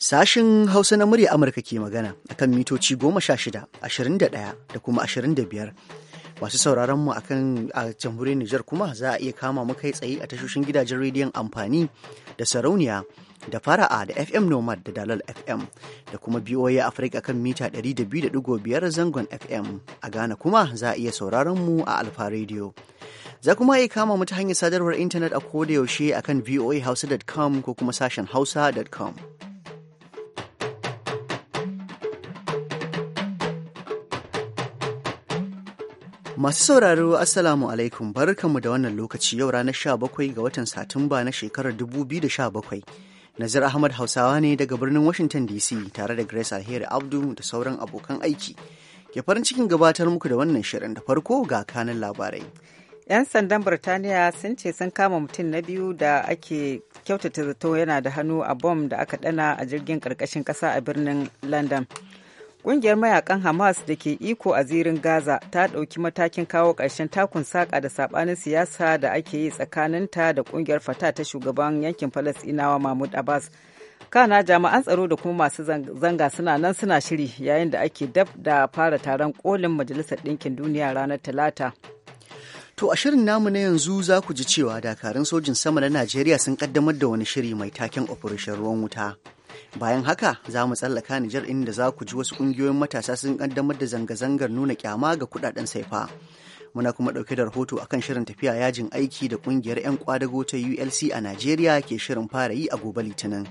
Sashen Hausa na murya Amurka ke magana akan mitoci goma sha shida, ashirin da ɗaya da kuma ashirin da biyar. Masu sauraron mu akan a jamhuriyar Nijar kuma za a iya kama mu kai tsaye a tashoshin gidajen rediyon amfani da sarauniya da fara'a da fm nomad da dalal fm da kuma boa afirka kan mita 200.5 zangon fm a ghana kuma za a iya sauraron mu a alfa radio za kuma iya kama mu ta hanyar sadarwar intanet a koda kodayaushe a kan voahausa.com ko kuma sashen hausa.com Masu sauraro Assalamu alaikum barkanmu da wannan lokaci yau ranar 17 ga watan Satumba na shekarar 2017. Nazir Ahmad Hausawa ne daga birnin Washington DC tare da Grace Alheri Abdu da sauran abokan aiki. Ke farin cikin gabatar muku da wannan shirin da farko ga kanan labarai. 'Yan sandan Birtaniya sun ce sun kama mutum na biyu da ake kyautata zato yana da hannu a bom da aka dana a jirgin ƙarƙashin ƙasa a birnin London. Ƙungiyar mayakan Hamas da ke iko a zirin Gaza ta ɗauki matakin kawo ƙarshen takun saƙa da saɓanin siyasa da ake yi tsakaninta da ƙungiyar fata ta shugaban yankin Falasɗinawa Mahmud Abbas. Kana jami'an tsaro da kuma masu zanga suna nan suna shiri yayin da ake dab da fara taron kolin Majalisar Ɗinkin Duniya ranar Talata. To a shirin namu na yanzu za ku ji cewa dakarun sojin sama na Najeriya sun kaddamar da wani shiri mai taken Operation Ruwan Wuta. Bayan haka za mu tsallaka Nijar inda za ku ji wasu ƙungiyoyin matasa sun ƙaddamar da zanga-zangar nuna kyama ga kuɗaɗen saifa. Muna kuma ɗauke da rahoto a kan shirin tafiya yajin aiki da ƙungiyar 'yan kwadago ta ULC a Najeriya ke shirin fara yi a gobe Litinin.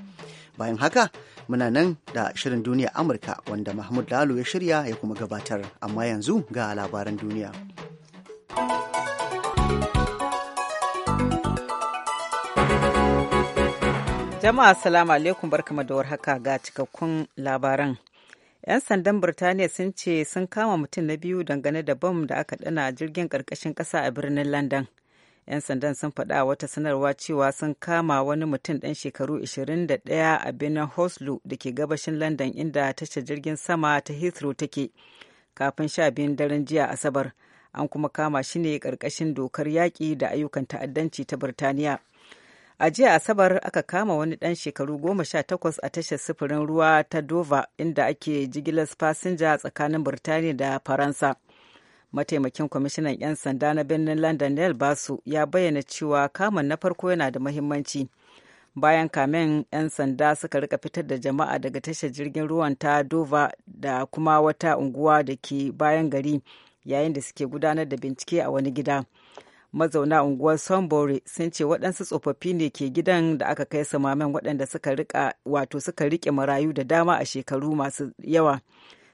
Bayan haka muna nan da shirin duniya Amurka wanda Mahmud Lalo ya shirya ya kuma gabatar amma yanzu ga labaran duniya. Jama'a salamu alaikum barkama da warhaka ga cikakkun labaran. 'Yan sandan Birtaniya sun ce sun kama mutum na biyu dangane da bom da aka dana jirgin karkashin kasa a birnin London. 'Yan sandan sun faɗa wata sanarwa cewa sun kama wani mutum ɗan shekaru 21 a birnin Hoslo da ke gabashin London inda tashar jirgin sama ta Heathrow take kafin sha biyun daren jiya Asabar. An kuma kama shi ne karkashin dokar yaƙi da ayyukan ta'addanci ta Birtaniya. a jiya asabar aka kama wani dan shekaru goma sha takwas a tashar sufurin ruwa ta dova inda ake jigilar fasinja tsakanin birtaniya da faransa mataimakin kwamishinan 'yan sanda na birnin london nel basu ya bayyana cewa kamun na farko yana da mahimmanci bayan kamen 'yan sanda suka rika fitar da jama'a daga tashar jirgin ruwan ta dova da kuma wata unguwa da ke bayan gari yayin da suke gudanar da bincike a wani gida mazauna unguwar Sunbury sun ce waɗansu tsofaffi ne ke gidan da aka kai samamen waɗanda suka rika wato suka rike marayu da dama a shekaru masu yawa.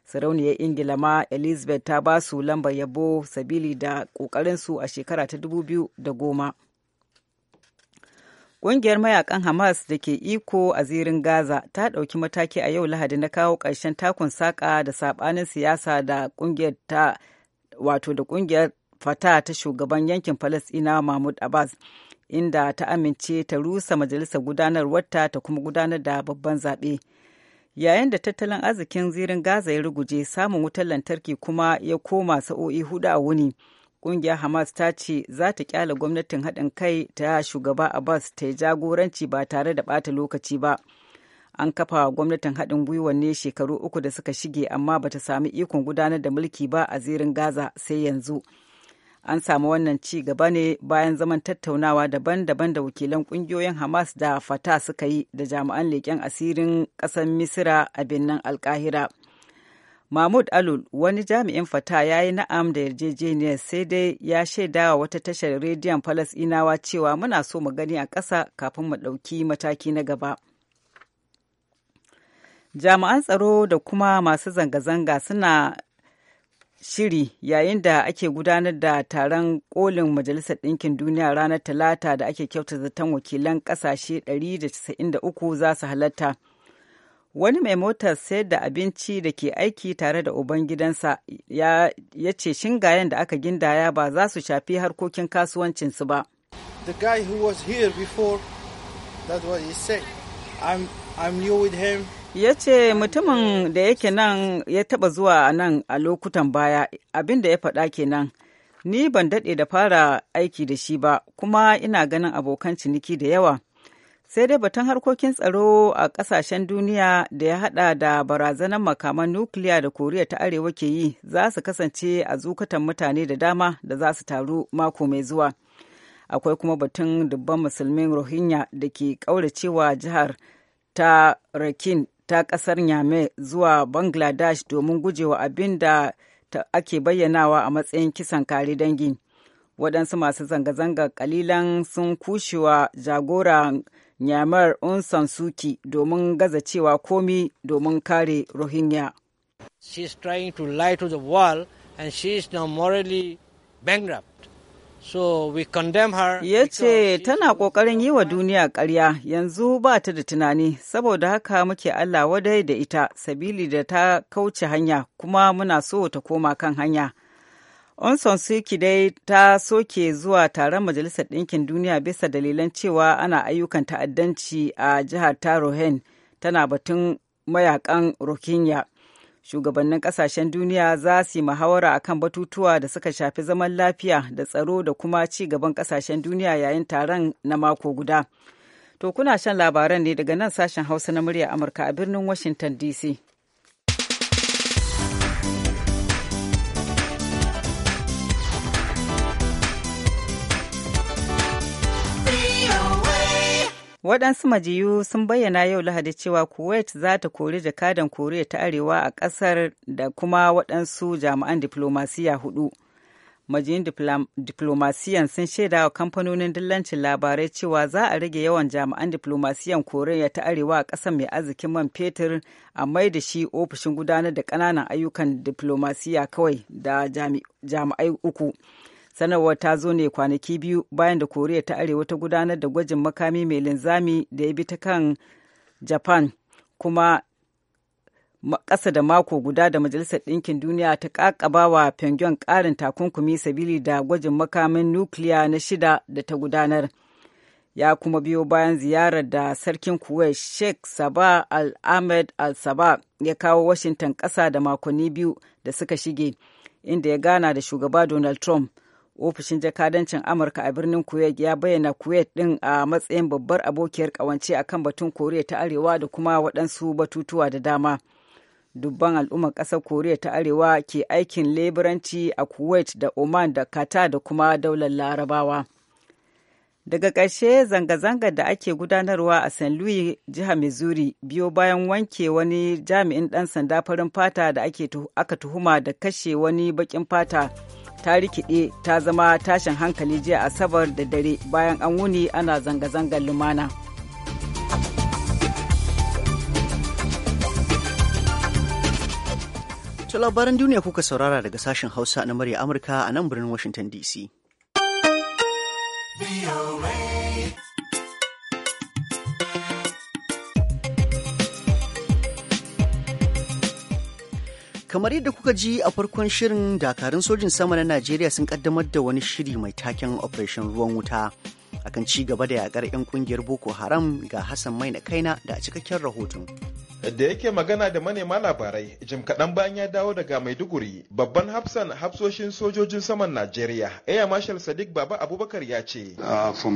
Sarauniyar Ingila ma Elizabeth ta ba su lambar yabo sabili da ƙoƙarinsu a shekara ta dubu biyu da goma Ƙungiyar mayakan Hamas da ke iko a zirin Gaza ta ɗauki mataki a yau Lahadi na kawo ƙarshen takun saƙa da saɓanin siyasa da ƙungiyar ta wato da ƙungiyar fata ta shugaban yankin falasɗinawa mahmud abbas inda ta amince ta rusa majalisar gudanarwarta ta kuma gudanar da babban zaɓe yayin da tattalin arzikin zirin gaza ya ruguje samun wutar lantarki kuma ya koma sa'o'i hudu a wuni ƙungiyar hamas ta ce za ta kyale gwamnatin haɗin kai ta shugaba abbas ta yi jagoranci ba tare da ɓata lokaci ba an kafa gwamnatin haɗin gwiwa ne shekaru uku da suka shige amma bata sami ikon gudanar da mulki ba a zirin gaza sai yanzu an samu wannan ci gaba ne bayan zaman tattaunawa daban-daban da wakilan kungiyoyin hamas da fata suka yi da jami'an leƙen asirin ƙasar misira a birnin alkahira mahmud alul wani jami'in fata ya yi na'am da yarjejeniyar sai dai ya shaida wa wata tashar rediyon falasinawa cewa muna so mu gani a ƙasa kafin mu ɗauki mataki na gaba jami'an tsaro da kuma masu zanga-zanga suna shiri yayin da ake gudanar da taron kolin majalisar ɗinkin duniya ranar talata da ake kyauta zaton wakilan ƙasashe 193 za su halatta wani mai motar sayar da abinci da ke aiki tare da ubangidansa gidansa ya ce shingayen da aka gindaya ba za su shafi harkokin kasuwancinsu ba the guy who was here before that was he said i'm, I'm new with him ya ce mutumin da yake nan ya taba zuwa nan a lokutan baya abin da ya faɗa kenan ni ban daɗe da fara aiki da shi ba kuma ina ganin abokan ciniki da yawa sai dai batun harkokin tsaro a ƙasashen duniya da ya haɗa da barazanar makaman nukiliya da koriya ta arewa ke yi za su kasance a zukatan mutane da dama da za su taru mako mai zuwa akwai kuma batun dubban musulmin rohingya da ke ƙauracewa jihar ta rakin ta ƙasar Nyame zuwa Bangladesh domin gujewa abin da ake bayyanawa a matsayin kisan kare dangi. Waɗansu masu zanga-zanga kalilan sun kushewa jagora Nyamar Unsan Suki domin gaza cewa komi domin kare Rohingya. She is trying to lie to the world and she is now morally bankrupt. Ya ce tana ƙoƙarin yi wa duniya ƙarya yanzu ba ta da tunani saboda haka muke Allah wadai da ita sabili da ta kauce hanya kuma muna so ta koma kan hanya. Onson Suki dai ta soke zuwa taron Majalisar Ɗinkin Duniya bisa dalilan cewa ana ayyukan ta'addanci a jihar Tarohen tana batun mayakan Rohingya. shugabannin kasashen duniya za su yi muhawara kan batutuwa da suka shafi zaman lafiya da tsaro da kuma ci gaban kasashen duniya yayin taron na mako guda. To kuna shan labaran ne daga nan sashen Hausa na murya Amurka a birnin Washington DC. waɗansu majiyu sun bayyana yau lahadi cewa kuwait za ta kori jakadan koriya ta arewa a ƙasar da kuma waɗansu jami'an diflomasiya hudu majiyun diflomasiyan sun shaida wa kamfanonin dillancin labarai cewa za a rage yawan jami'an diflomasiyan koriya ta arewa a ƙasar mai arzikin man fetur a mai da shi ofishin gudanar da ƙananan ayyukan diflomasiya kawai da jami'ai uku sanarwar ta zo ne kwanaki biyu bayan da koriya ta arewa ta gudanar da gwajin makami mai linzami da ya bi ta kan japan kuma ƙasa da mako guda da majalisar ɗinkin duniya ta ƙaƙaba wa pyongyang ƙarin takunkumi sabili da gwajin makamin nukiliya na shida da ta gudanar ya kuma biyo bayan ziyarar da sarkin kuwait sheikh saba al-ahmed al-sabah ya kawo washington ƙasa da makonni biyu da suka shige inda ya gana da shugaba donald trump ofishin jakadancin amurka a birnin kuwait ya bayyana kuwait din a matsayin babbar abokiyar kawance a kan batun koriya ta arewa da kuma waɗansu batutuwa da dama dubban al'ummar ƙasar koriya ta arewa ke aikin leburanci a kuwait da oman da kata da kuma daular larabawa daga ƙarshe zanga zanga da ake gudanarwa a st louis jihar missouri biyo bayan wanke wani jami'in ɗan sanda farin fata da aka tuhuma da kashe wani bakin fata ta rikide ta zama tashin hankali jiya asabar da dare bayan an wuni ana zanga-zangar lumana. To labaran duniya kuka saurara daga sashen Hausa na murya Amurka a nan birnin Washington DC. kamar yadda kuka ji a farkon shirin dakarun sojin sama na najeriya sun kaddamar da wani shiri mai taken operation ruwan wuta akan ci gaba da yakar 'yan kungiyar boko haram ga hassan mai na kaina da cikakken rahoton da yake magana da manema labarai jim kaɗan bayan ya dawo daga maiduguri babban hafsan hafsoshin sojojin saman najeriya air marshal sadiq baba abubakar ya ce uh,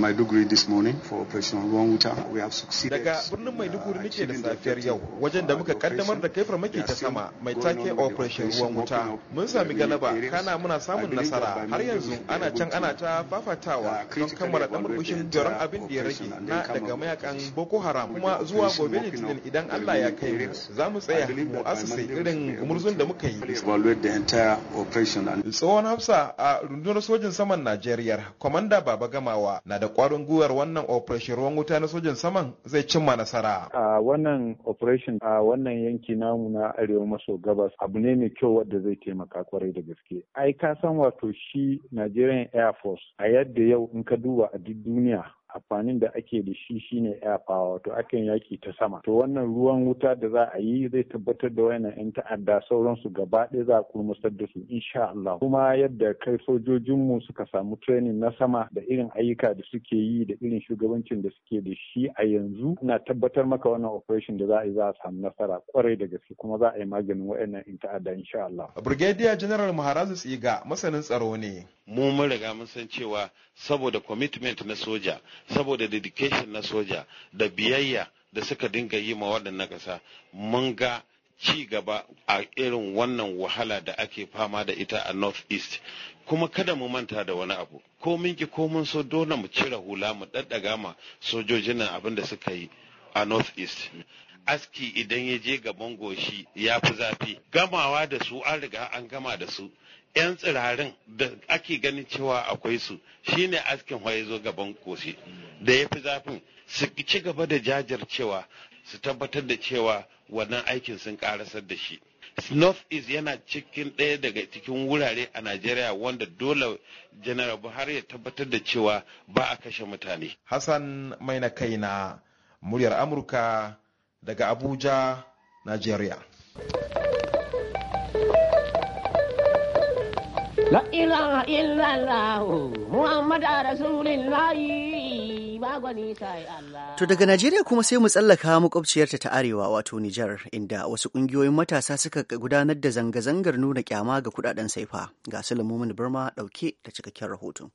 daga birnin maiduguri nake uh, da safiyar yau wajen da muka kaddamar da kai farmaki ta sama mai take operation ruwan wuta mun sami galaba kana muna samun nasara har yanzu ana can ana ta fafatawa don kammala ɗan jaron uh, abin da ya rage na daga mayakan boko haram kuma zuwa gobe litinin idan allah ya kai za mu tsaya mu asasa irin gumurzun da muka yi tsohon hafsa a rundunar sojin saman najeriya kwamanda baba gamawa na da kwarin gwiwar wannan operation ruwan wuta na sojin saman zai cimma nasara a wannan operation a wannan yanki namu na arewa maso gabas abu ne mai kyau wadda zai taimaka kwarai da gaske ai ka san wato shi nigerian air force a yadda yau in ka duba a duk duniya amfanin da ake da shi shine air power wato akan yaki ta sama to wannan ruwan wuta da za a yi zai tabbatar da wayannan yan ta'adda sauransu gaba ɗaya za a kurmusar da su insha Allah kuma yadda kai sojojinmu suka samu training na sama da irin ayyuka da suke yi da irin shugabancin da suke da shi a yanzu na tabbatar maka wannan operation da za a yi za a samu nasara kwarai da gaske kuma za a yi maganin wayannan yan ta'adda insha Allah Brigadier General Maharazu Tsiga masanin tsaro ne mu mun riga mun san cewa saboda commitment na soja saboda dedication na soja da biyayya da suka dinga yi ma waɗannan ƙasa mun ga ci gaba a irin wannan wahala da ake fama da ita a north east kuma kada mu manta da wani abu ko minki ko mun so dole mu cire hula mu daddaga ma sojojin nan abin da suka yi a north east aski idan ya je gaban goshi ya fi zafi gamawa da su an riga an gama da su 'yan tsirarin da ake ganin cewa akwai su shine askin ya zo gaban kosi da ya fi zafin su ci gaba da jajircewa su tabbatar da cewa wannan aikin sun karasar da shi north is yana cikin ɗaya daga cikin wurare a najeriya wanda dole general buhari ya tabbatar da cewa ba a kashe mutane hassan mai na kai na muryar amurka daga abuja najeriya La ilaha illallah Muhammad Rasulullah To daga Najeriya kuma sai mu tsallaka makwabciyarta ta Arewa wato Nijar inda wasu ƙungiyoyin matasa suka gudanar da zanga-zangar nuna kyama ga kudaden saifa ga Sulaiman Burma dauke da cikakken rahoto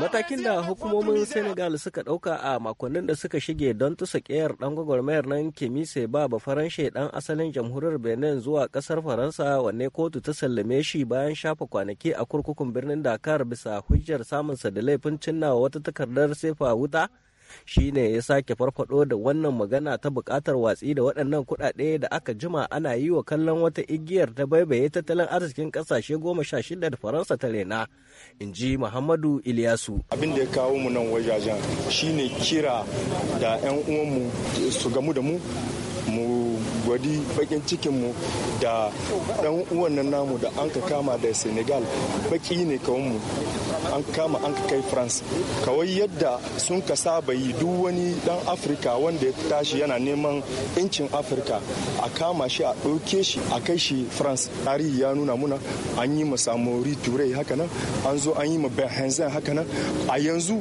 Matakin da hukumomin Senegal suka dauka a makonnin da suka shige don tusa kiyar ɗan gwagwarmayar nan Kemise baba ba faranshe dan asalin jamhuriyar Benin zuwa kasar Faransa laifinsa wanne kotu ta sallame shi bayan shafa kwanaki a kurkukun birnin dakar bisa hujjar samunsa da laifin cinnawa wata takardar sefa wuta shine ya sake farfado da wannan magana ta bukatar watsi da waɗannan kuɗaɗe da aka jima ana yi wa kallon wata igiyar ta baibaye tattalin arzikin ƙasashe goma sha shida da faransa ta rena in ji muhammadu iliyasu abin da ya kawo mu nan wajajen shine kira da 'yan uwanmu su gamu da mu mu gwadi bakin cikinmu da dan uwan nan namu da an ka kama da senegal baki ne mu an kama an ka kai france kawai yadda sun ka saba yi duk wani dan afirka wanda ya tashi yana neman incin afirka a kama shi a ɗauke shi a kai shi france tarihi ya nuna muna an yi ma samori turai haka nan an zo an yi ma benhazen haka nan a yanzu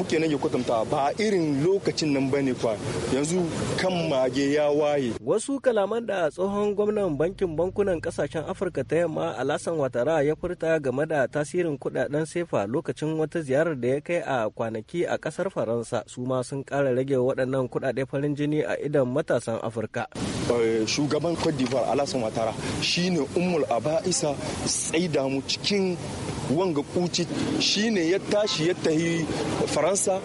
muke nan ya kwatanta ba irin lokacin nan bane kwa yanzu kan mage ya waye wasu kalaman da tsohon gwamnan bankin bankunan kasashen afirka ta yamma alasan watara ya furta game da tasirin kudaden sefa lokacin wata ziyarar da ya kai a kwanaki a kasar faransa su ma sun kara rage waɗannan kudade farin jini a idan matasan afirka eh, shugaban cote d'ivoire alasan watara shine ummul aba'isa tsaida mu cikin wanga kuci shine ya tashi ya tahi faransa faransa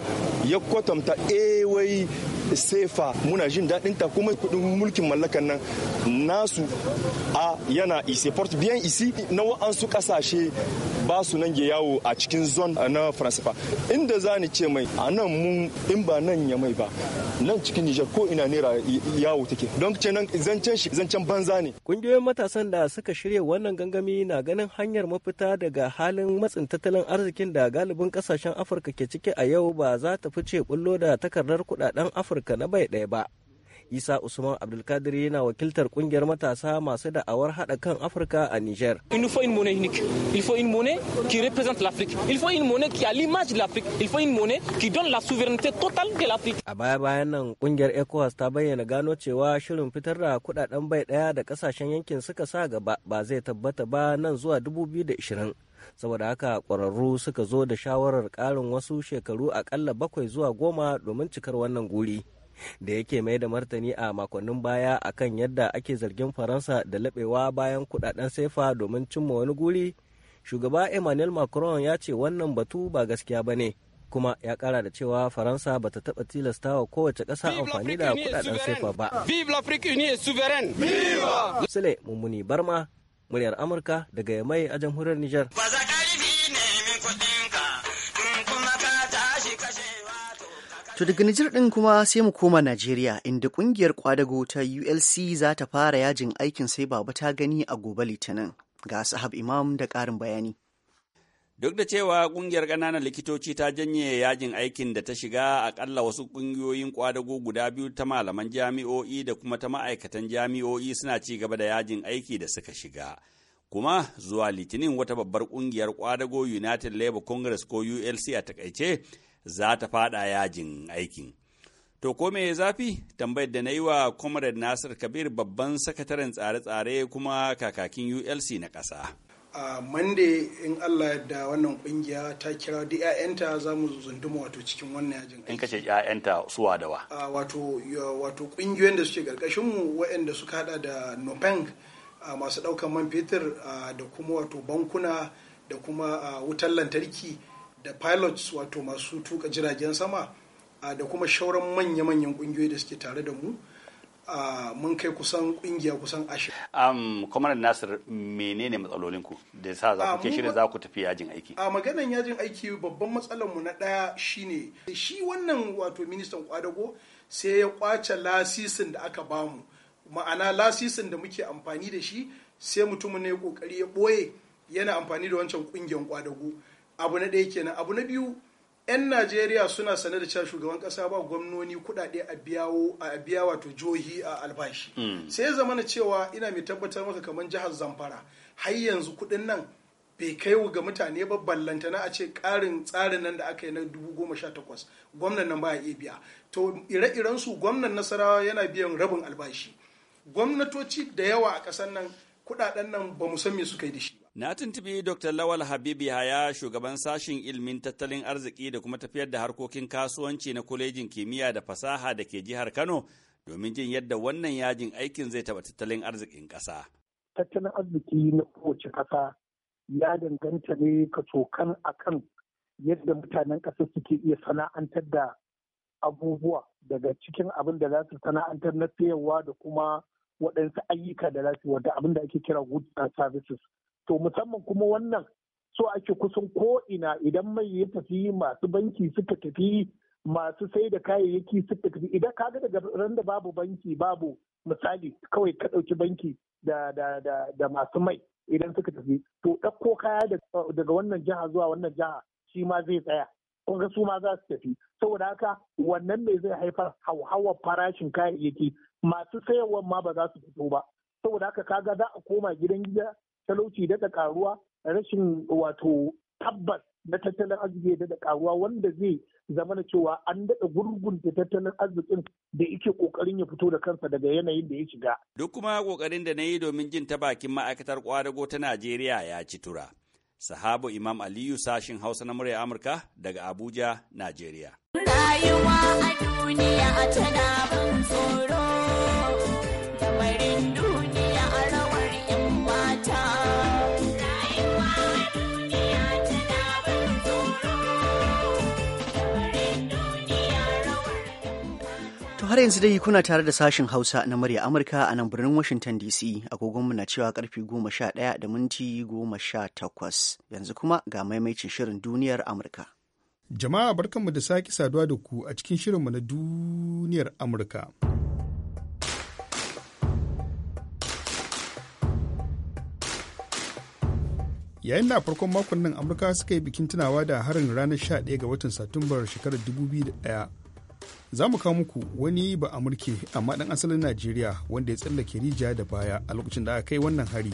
ya kwatanta ewai eh, sefa muna jin daɗin ta kuma kudin mulkin mallakan nan nasu a yana isi port bien isi na wa'ansu ƙasashe ba su nan yawo a cikin zon na faransa fa inda za ni ce mai a nan mun in ba nan ya mai ba nan cikin nijar ko ina nera yawo take don ce nan zancen shi zancen banza ne kungiyoyin matasan da suka shirya wannan gangami na ganin hanyar mafita daga halin matsin tattalin arzikin da galibin kasashen afirka ke ciki a yau ba za ta fice bullo da takardar kudaden afirka na bai ɗaya ba isa usman abdulkadir yana wakiltar kungiyar matasa masu da'awar hada kan afirka a niger il faut une a a baya bayan nan kungiyar ecowas ta bayyana gano cewa shirin fitar da kudaden bai daya da kasashen yankin suka sa gaba ba zai tabbata ba nan zuwa 2020 saboda haka ƙwararru suka zo da shawarar ƙarin wasu shekaru aƙalla bakwai zuwa goma domin cikar wannan guri da yake mai da martani a makonnin baya akan yadda ake zargin faransa da laɓewa bayan kudaden sefa domin cimma wani guri shugaba emmanuel macron ya ce wannan batu ba gaskiya ba ne kuma ya kara da cewa faransa ba ta taɓa tilasta wa kowace ƙasa amfani da kudaden sefa ba. Vive l'Afrique unie souveraine! Sule Mummuni Barma, muryar Amurka daga Yamai a jamhuriyar Nijar. To daga Nijar ɗin kuma sai mu koma Najeriya inda ƙungiyar kwadago ta ULC za ta fara yajin aikin sai babu ta gani a gobe Litinin. Ga sahab imam da ƙarin bayani. Duk da cewa ƙungiyar ƙananan likitoci ta janye yajin aikin da ta shiga aƙalla wasu ƙungiyoyin ƙwadago guda biyu ta malaman jami'o'i da kuma ta ma'aikatan jami'o'i suna ci gaba da yajin aiki da suka shiga. Kuma zuwa Litinin wata babbar ƙungiyar ƙwadago United Labour Congress ko ULC a takaice za ta faɗa yajin aikin. To ko me zafi tambayar da na yi wa Comrade Nasir Kabir babban sakataren tsare-tsare kuma kakakin ULC na ƙasa. a monday in allah da wannan kungiya ta kira duk 'ya'yanta za mu zunduma wato cikin wannan yajin in kace 'ya'yanta suwa da wa wato wato kungiyoyin da suke karkashin mu waɗanda suka hada da nopeng masu ɗaukar man fetur da kuma wato bankuna da kuma wutar lantarki da pilots wato masu tuka jiragen sama da kuma shauran manya-manyan kungiyoyi da suke tare da mu mun kai kusan kungiya kusan ashirin. Um, Nasir menene matsalolinku da sa za ku shirin za ku tafi yajin aiki? A maganan yajin aiki babban matsalar mu na ɗaya shi shine shi wannan wato ministan kwadago sai ya kwace lasisin da aka bamu ma'ana lasisin da muke amfani da shi sai mutumin ne kokari ya boye yana amfani da wancan kungiyar kwadago abu na ɗaya kenan abu na biyu 'yan najeriya suna sane da cewa shugaban kasa ba gwamnoni kudade a biyawo a biya wato jihohi a albashi hmm. sai zama na cewa ina mai tabbatar maka kamar jihar zamfara har yanzu kudin nan bai kai ga mutane ba na a ce karin tsarin nan da aka yi na 2018 gwamnan nan ba ya iya biya to ire-iren su gwamnan nasarawa yana biyan rabin albashi gwamnatoci da yawa a ƙasar nan kudaden nan ba mu san me suka yi da shi ba Na tuntubi Dr. Lawal Habib Yahaya shugaban sashen ilimin tattalin arziki da kuma tafiyar da harkokin kasuwanci na kwalejin kimiyya da fasaha da ke jihar Kano domin jin yadda wannan yajin aikin zai taɓa tattalin arzikin ƙasa. Tattalin arziki na kowace ƙasa ya danganta ne ka a kan yadda mutanen ƙasa suke iya sana'antar da abubuwa daga cikin abin da za su sana'antar na sayarwa da kuma waɗansu ayyuka da za su wadda abin da ake kira goods and services. to musamman kuma wannan so ake kusan ko ina idan mai ya tafi masu banki suka tafi masu sai da kayayyaki suka tafi idan ka ga daga ran da babu banki babu misali kawai ka ɗauki banki da masu mai idan suka tafi to ɗauko kaya daga wannan jiha zuwa wannan jiha shi ma zai tsaya kun ga su ma za su tafi saboda haka wannan mai zai haifar hauhawar farashin kayayyaki masu sayarwa ma ba za su fito ba saboda haka kaga za a koma gidan gida talauci daɗa karuwa rashin wato tabbas na tattalin arziki da da karuwa wanda zai zama da cewa an daɗa gurgunta tattalin arzikin da yake ƙoƙarin ya fito da kansa daga yanayin da ya shiga. Duk kuma ƙoƙarin da na yi domin jin ta bakin ma'aikatar ƙwadago ta Najeriya ya ci tura. Sahabu Imam Aliyu sashin Hausa na murya Amurka daga Abuja, Najeriya. Rayuwa a duniya tana ban tsoro. har yanzu dai kuna tare da sashen Hausa na murya Amurka a nan birnin Washington DC mu na cewa karfe goma sha ɗaya da minti goma sha takwas yanzu kuma ga maimaicin shirin duniyar Amurka. Jama'a barkanmu da sake saduwa da ku a cikin shirinmu na duniyar Amurka. yayin da farkon makon nan amurka suka yi bikin tunawa da harin ranar 11 ga watan satumbar shekarar 2001 za mu kawo muku wani ba mulki amma dan asalin najeriya wanda ya tsallake rijiya da baya a lokacin da aka kai wannan hari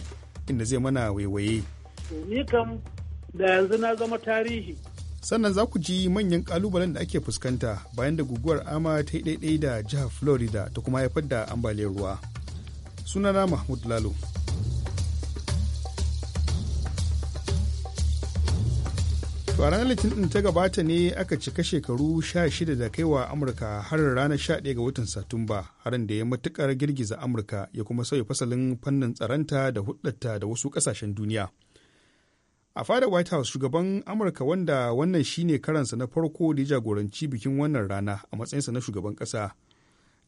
inda zai mana waiwaye ni kam da yanzu na zama tarihi sannan za ku ji manyan kalubalen da ake fuskanta bayan da guguwar ama ta ɗaiɗai da jihar florida ta kuma haifar da ambaliyar ruwa sunana mahmud lalo To ranar Litinin ta gabata ne aka cika shekaru 16 da kaiwa Amurka har ranar 11 ga watan Satumba harin da ya matukar girgiza Amurka ya kuma sauya fasalin fannin tsaranta da hudatta da wasu kasashen duniya. A fadar White House shugaban Amurka wanda wannan shine karansa na farko da ya jagoranci bikin wannan rana a matsayinsa na shugaban kasa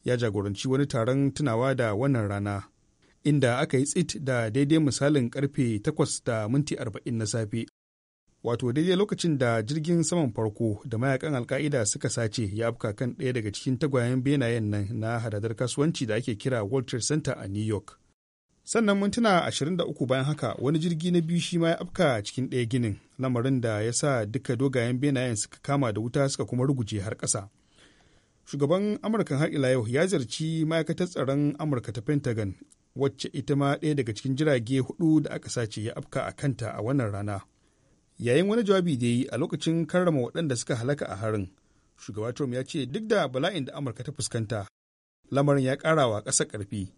ya jagoranci wani taron tunawa da wannan rana inda aka yi tsit da daidai misalin karfe 8 da minti 40 na safe wato daidai lokacin da jirgin saman farko da mayakan alka'ida suka sace ya afka kan ɗaya daga cikin tagwayen benayen nan na hadadar kasuwanci da ake kira world trade center a new york sannan mintuna 23 bayan haka wani jirgi na biyu shi ma ya afka cikin ɗaya ginin lamarin da ya sa duka dogayen benayen suka kama da wuta suka kuma ruguje har ƙasa shugaban amurka har ila yau ya zarci ma'aikatar tsaron amurka ta pentagon wacce ita ma ɗaya daga cikin jirage hudu da aka sace ya afka a kanta a wannan rana yayin wani jawabi da yi a lokacin karrama waɗanda suka halaka a harin shugaba trump ya ce duk da bala'in da amurka ta fuskanta lamarin ya karawa ƙasa ƙarfi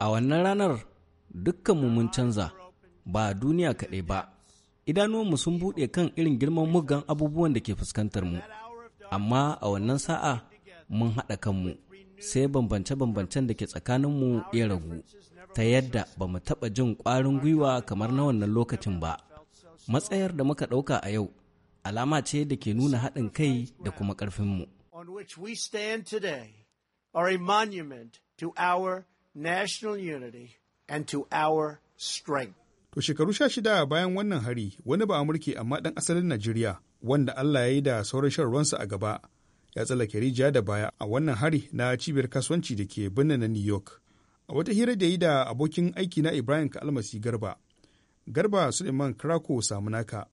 a wannan ranar dukkanmu mun canza ba duniya kaɗai ba idanuwanmu sun buɗe kan irin girman muggan abubuwan da ke fuskantar mu amma a wannan sa'a mun haɗa kanmu sai bambance-bambancen da ke tsakaninmu ya ragu ta yadda ba mu taɓa jin ƙwarin gwiwa kamar na wannan lokacin ba. Matsayar da muka ɗauka a yau alama ce da ke nuna haɗin kai da kuma ƙarfinmu. to shekaru sha shida bayan wannan hari wani ba amurke amma ɗan asalin Najeriya wanda Allah ya yi da sauran shan ruwansa a gaba ya tsallake rijiya da baya a wannan hari na cibiyar kasuwanci da ke birnin na New York. a wata hira da yi da abokin aiki na ibrahim kalmasi garba garba suleiman krako naka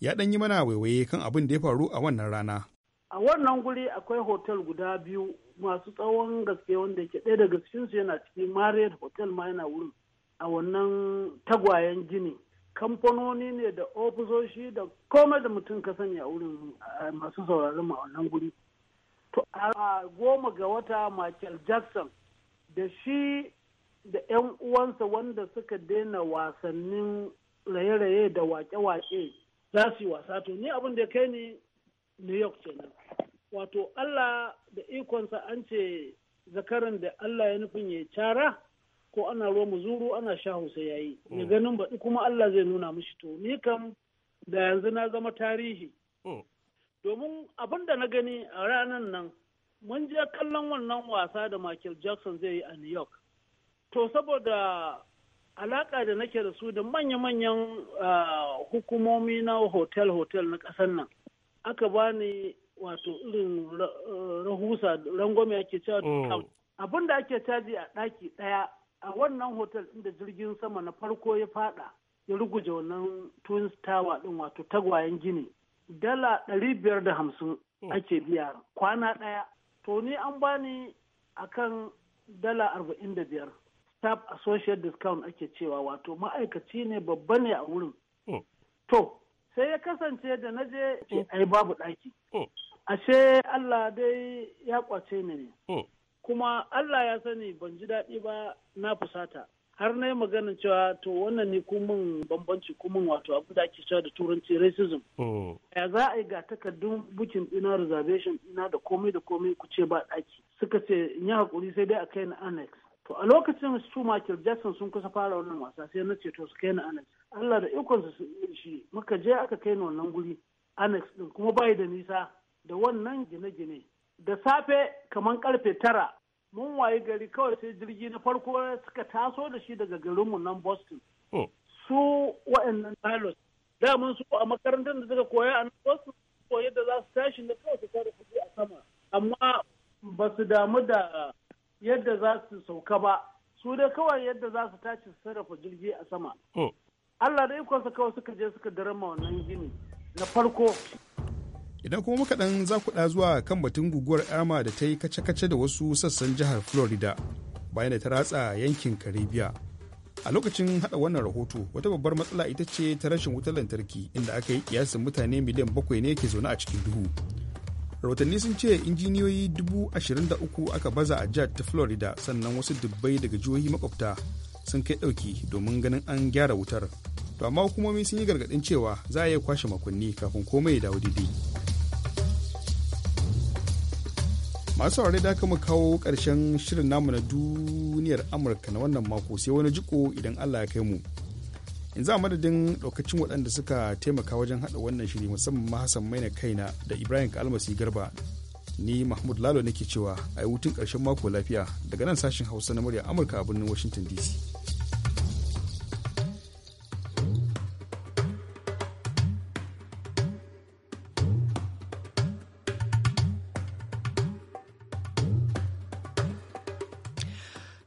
ya dan yi mana waiwaye kan abin da ya faru a wannan rana a wannan guri akwai hotel guda biyu masu tsawon gaske wanda ke ɗaya daga cikinsu yana cikin marriott hotel ma yana wurin a wannan tagwayen gini kamfanoni ne da ofisoshi da komai da mutum ka sani a wurin masu sauraron a wannan guri to a goma ga wata michael jackson da shi da 'yan uwansa wanda suka daina wasannin raye-raye da wake-wake za su yi wasa to ni abin da kai ni new york kenan wato allah da ikonsa an ce zakarin da allah ya nufin ya cara ko ana ruwa mu zuru ana sha sai ya yi ya mm. ganin baɗi kuma allah zai nuna mishi to ni kam da yanzu na zama tarihi mm. domin abin da na gani a ranar nan mun je kallon wannan wasa da michael jackson zai yi a new york to saboda alaka da nake da su da manya-manyan hukumomi na hotel-hotel na ƙasar nan aka bani wato irin rahusa rangwame ake cewa oh. abin da ake caji a ɗaki ɗaya a wannan hotel inda jirgin sama na farko ya faɗa ya ruguje wannan twin tower ɗin wato tagwayen gini dala ɗari biyar da hamsin oh. ake biya kwana ɗaya to ni an bani akan dala arba'in da biyar staff associate discount ake cewa wato ma'aikaci ne babba ne a wurin hmm. to sai ya kasance da na je ce hmm. ai babu ɗaki hmm. ashe Allah dai ya kwace ni ne kuma Allah ya sani ban ji daɗi ba na fusata har na yi magana cewa to wannan ne kumin bambanci kumin wato abu da ake cewa da turanci racism ya za a yi ga takardun bukin ina reservation ina da komai da komai ku ce ba ɗaki suka ce in yi haƙuri sai dai a kai na annex to a lokacin su Michael Jackson sun kusa fara wannan wasa sai na ce to su kai na Anex Allah da ikon su shi muka je aka kai ni wannan guri Anex din kuma bai da nisa da wannan gine-gine da safe kamar karfe tara mun waye gari kawai sai jirgi na farko suka taso da shi daga garinmu nan Boston oh. su wa'annan pilots daman su a makarantar da suka koya a nan wasu koyi da za su tashi da kawai su kare kuɗi a sama amma ba su damu da yadda za su sauka ba su dai kawai yadda za su tashi su sarrafa jirgi a sama oh. Allah da ikonsa kawai suka je suka darama wannan gini na farko idan kuma muka dan ɗa zuwa kan batun guguwar irma da ta yi kace-kace da wasu sassan jihar florida bayan da ta ratsa yankin caribbean a lokacin hada wannan rahoto wata babbar matsala ita ce ta rashin wutar lantarki inda aka yi kiyasin mutane miliyan bakwai ne ke zaune a cikin duhu rahotanni sun ce injiniyoyi 23,000 aka baza a jihar ta florida sannan wasu dubbai daga jihohi makwabta sun kai ɗauki domin ganin an gyara wutar to amma hukumomi sun yi gargadin cewa za a iya kwashe makonni kafin komai da dawo masu saurari da aka kawo ƙarshen shirin namu na duniyar amurka na wannan mako sai wani jiko idan allah ya kai mu yanzu a madadin lokacin waɗanda suka taimaka wajen haɗa wannan shiri musamman ma hassan maina na da ibrahim kalmasi garba ni mahmud lalo nake cewa a yi hutun ƙarshen mako lafiya daga nan sashen hausa na murya amurka a birnin washington dc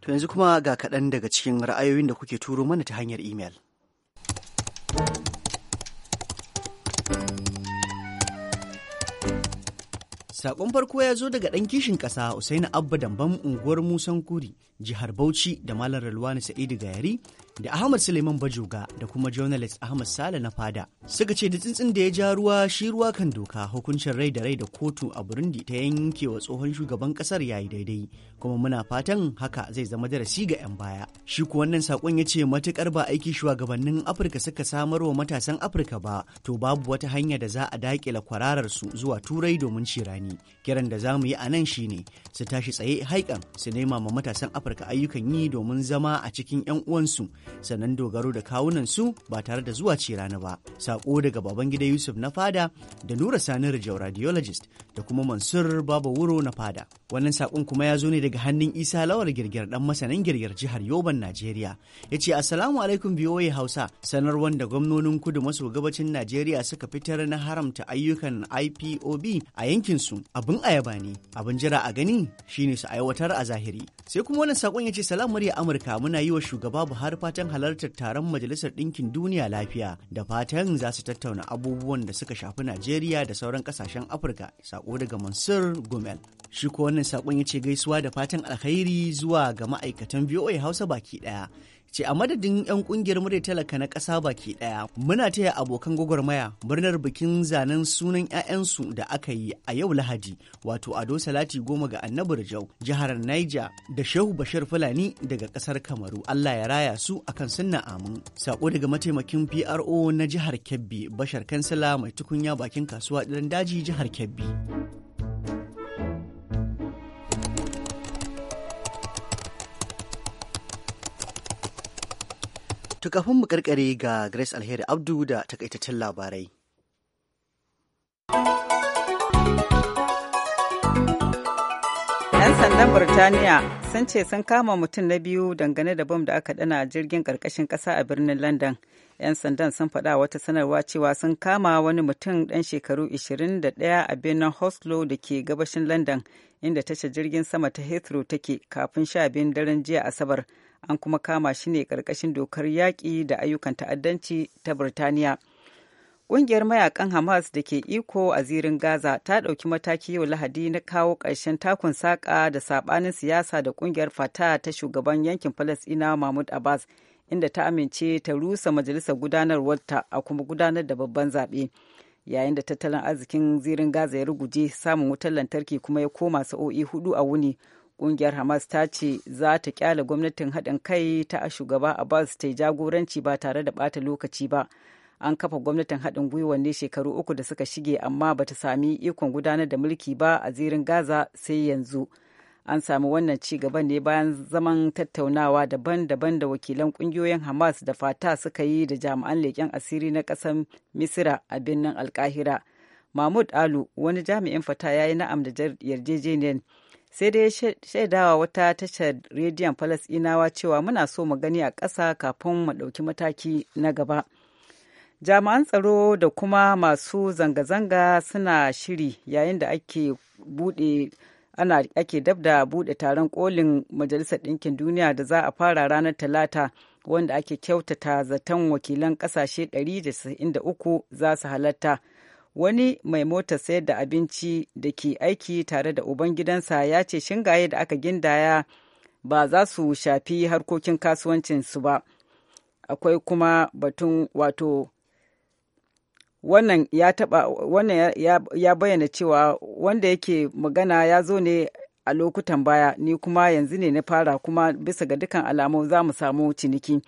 To yanzu kuma ga kaɗan daga cikin ra'ayoyin da kuke turo mana ta hanyar imel. Sakon farko ya zo daga ɗan kishin ƙasa Usaini Abba Dambam unguwar Musan Kuri, jihar Bauchi da Malam Ralwani Sa'idu Gayari da Ahmad Suleiman Bajoga da kuma journalist Ahmad Sale na fada. Suka ce da tsintsin da ya ja ruwa shi ruwa kan doka hukuncin rai da rai da kotu a Burundi ta yanke wa tsohon shugaban ƙasar yayi daidai. Kuma muna fatan haka zai zama darasi ga 'yan baya. Shi kuwa wannan sakon ya ce matukar ba aiki shugabannin Afirka suka samar wa matasan Afirka ba to babu wata hanya da za a daƙila su zuwa Turai domin cirani. yi kiran da za mu yi a nan shine su tashi tsaye haikan su nema ma matasan afirka ayyukan yi domin zama a cikin 'yan uwansu sannan dogaro da kawunan su ba tare da zuwa ci rana ba sako daga baban gida yusuf na fada da nura sani rijau radiologist da kuma mansur baba wuro na fada wannan sakon kuma ya zo ne daga hannun isa lawal girgir dan masanin girgir jihar yoban najeriya ya ce assalamu alaikum biyoyi hausa Sanar wanda gwamnonin kudu maso gabacin najeriya suka fitar na haramta ayyukan ipob a yankinsu abin ayaba ne abin jira a gani shine su aiwatar a zahiri sai kuma wannan sakon ya ce salam murya amurka muna yi wa shugaba buhari fatan halartar taron majalisar ɗinkin duniya lafiya da fatan za su tattauna abubuwan da suka shafi najeriya da sauran kasashen afirka sako daga mansur gomel shi kuwa wannan sakon ya ce gaisuwa da fatan alkhairi zuwa ga ma'aikatan voa hausa baki ɗaya ce a madadin 'yan kungiyar murya talaka na ƙasa baki ɗaya muna taya abokan gwagwarmaya murnar bikin zanen sunan 'ya'yansu da aka yi a yau lahadi wato ado salati goma ga annabi rajau jihar niger da shehu bashir fulani daga ƙasar kamaru allah ya raya su akan sunna amin sako daga mataimakin pro na jihar kebbi bashar kansila mai tukunya bakin kasuwa ɗan daji jihar kebbi. To kafin mu karkare ga Grace Alheri Abdu da takaitaccen labarai. ‘Yan sandan burtaniya sun ce sun kama mutum na biyu dangane da bom da aka dana jirgin ƙarƙashin ƙasa a birnin London. 'Yan sandan sun faɗa wata sanarwa cewa sun kama wani mutum ɗan shekaru 21 a birnin Hoslo da ke gabashin London, inda tashar jirgin sama ta Heathrow take kafin sha biyun daren jiya Asabar. an kuma kama shi ne ƙarƙashin dokar yaƙi da ayyukan ta'addanci ta Birtaniya. Ƙungiyar mayakan Hamas da ke iko a zirin Gaza ta ɗauki mataki yau Lahadi na kawo ƙarshen takun saƙa da saɓanin siyasa da ƙungiyar fata ta shugaban yankin Falasɗina Mahmud Abbas, inda ta amince ta rusa majalisar gudanarwarta a kuma gudanar da babban zaɓe. Yayin da tattalin arzikin zirin Gaza ya ruguje, samun wutar lantarki kuma ya koma sa'o'i hudu a wuni, Ƙungiyar Hamas ta ce za ta kyale gwamnatin haɗin kai ta a shugaba Abbas ta yi jagoranci ba tare da ɓata lokaci ba. An kafa gwamnatin haɗin gwiwa ne shekaru uku da suka shige amma bata sami ikon gudanar da mulki ba a zirin Gaza sai yanzu. An sami wannan ci gaba ne bayan zaman tattaunawa daban-daban da wakilan ƙungiyoyin Hamas da Fata suka yi da jami'an leƙen asiri na ƙasar Misira a birnin Alkahira. Mahmud Alu wani jami'in Fata ya yi na'am da yarjejeniyar sai dai shaidawa wata tashar rediyon falasɗinawa cewa muna so mu gani a ƙasa kafin mu ɗauki mataki na gaba jami'an tsaro da kuma masu zanga-zanga suna shiri yayin da ake buɗe ana ake dab da buɗe taron kolin majalisar ɗinkin duniya da za a fara ranar talata wanda ake kyautata zaton wakilan ƙasashe 193 za su halatta wani mai mota sayar da abinci da ke aiki tare da ubangidansa ya ce shingaye da aka gindaya ba za su shafi harkokin kasuwancinsu ba akwai kuma batun wato wannan ya taba wannan ya, bayyana cewa wanda yake magana ya zo ne a lokutan baya ni kuma yanzu ne na fara kuma bisa ga dukan alamu za mu samu ciniki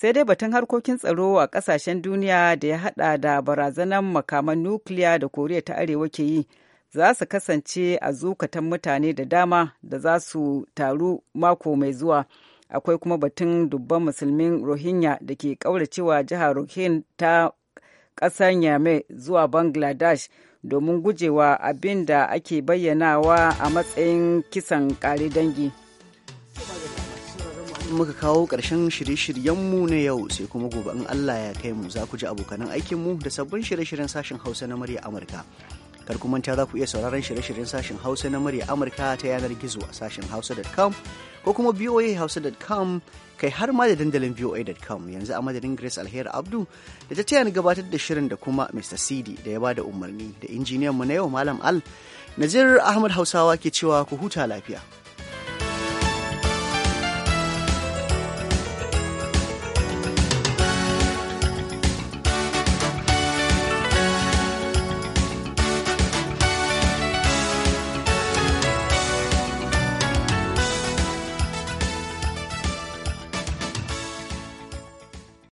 sai dai batun harkokin tsaro a kasashen duniya da ya hada da barazanan makaman nukiliya da koriya ta arewa ke yi za su kasance a zukatan mutane da dama da za su taru mako mai zuwa akwai kuma batun dubban musulmin rohingya da ke kauracewa jihar rohingya ta ƙasar yame zuwa bangladesh domin gujewa abin da ake bayyanawa a matsayin kisan kare dangi. muka kawo ƙarshen shirye-shiryenmu na yau sai kuma gobe in Allah ya kai mu za ku ji abokanan mu da sabbin shirye-shiryen sashen Hausa na murya Amurka. Kar ku manta za ku iya sauraron shirye-shiryen sashen Hausa na murya Amurka ta yanar gizo a sashen hausa.com ko kuma voahausa.com kai har ma da dandalin voa.com yanzu a madadin Grace Alheri Abdu da ta taya ni gabatar da shirin da kuma Mr. Sidi da ya bada umarni da injiniyan mu na yau Malam Al Nazir Ahmad Hausawa ke cewa ku huta lafiya.